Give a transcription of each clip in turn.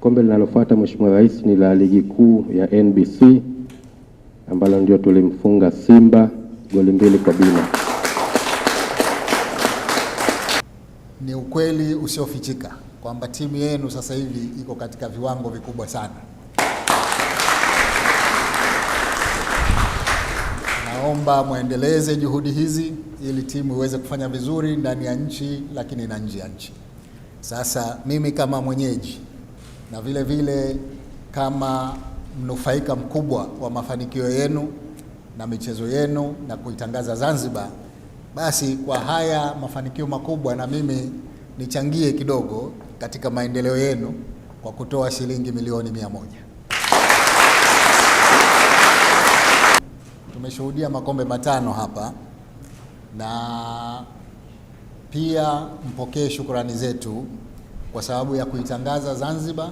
Kombe linalofuata Mheshimiwa Rais ni la ligi kuu ya NBC ambalo ndio tulimfunga Simba goli mbili kwa bila. Ni ukweli usiofichika kwamba timu yenu sasa hivi iko katika viwango vikubwa sana. Naomba mwendeleze juhudi hizi ili timu iweze kufanya vizuri ndani ya nchi, lakini na nje ya nchi. Sasa mimi kama mwenyeji na vile vile kama mnufaika mkubwa wa mafanikio yenu na michezo yenu na kuitangaza Zanzibar, basi kwa haya mafanikio makubwa na mimi nichangie kidogo katika maendeleo yenu kwa kutoa shilingi milioni mia moja. Tumeshuhudia makombe matano hapa, na pia mpokee shukrani zetu kwa sababu ya kuitangaza Zanzibar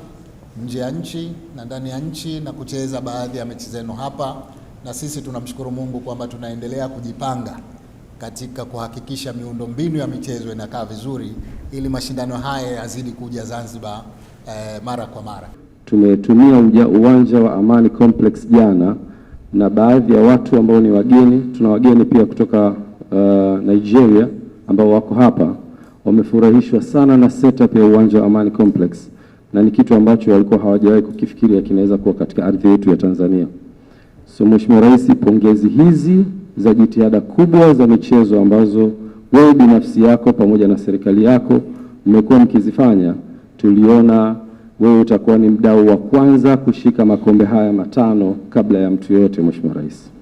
nje ya nchi na ndani ya nchi na kucheza baadhi ya mechi zenu hapa, na sisi tunamshukuru Mungu kwamba tunaendelea kujipanga katika kuhakikisha miundo mbinu ya michezo inakaa vizuri ili mashindano haya yazidi kuja Zanzibar eh, mara kwa mara. Tumetumia uwanja wa Amani Complex jana na baadhi ya watu ambao ni wageni, tuna wageni pia kutoka uh, Nigeria ambao wako hapa wamefurahishwa sana na setup ya uwanja wa Amani Complex na ni kitu ambacho walikuwa hawajawahi kukifikiria kinaweza kuwa katika ardhi yetu ya Tanzania. So Mheshimiwa Rais, pongezi hizi za jitihada kubwa za michezo ambazo wewe binafsi yako pamoja na serikali yako mmekuwa mkizifanya, tuliona wewe utakuwa ni mdau wa kwanza kushika makombe haya matano kabla ya mtu yoyote, Mheshimiwa Rais.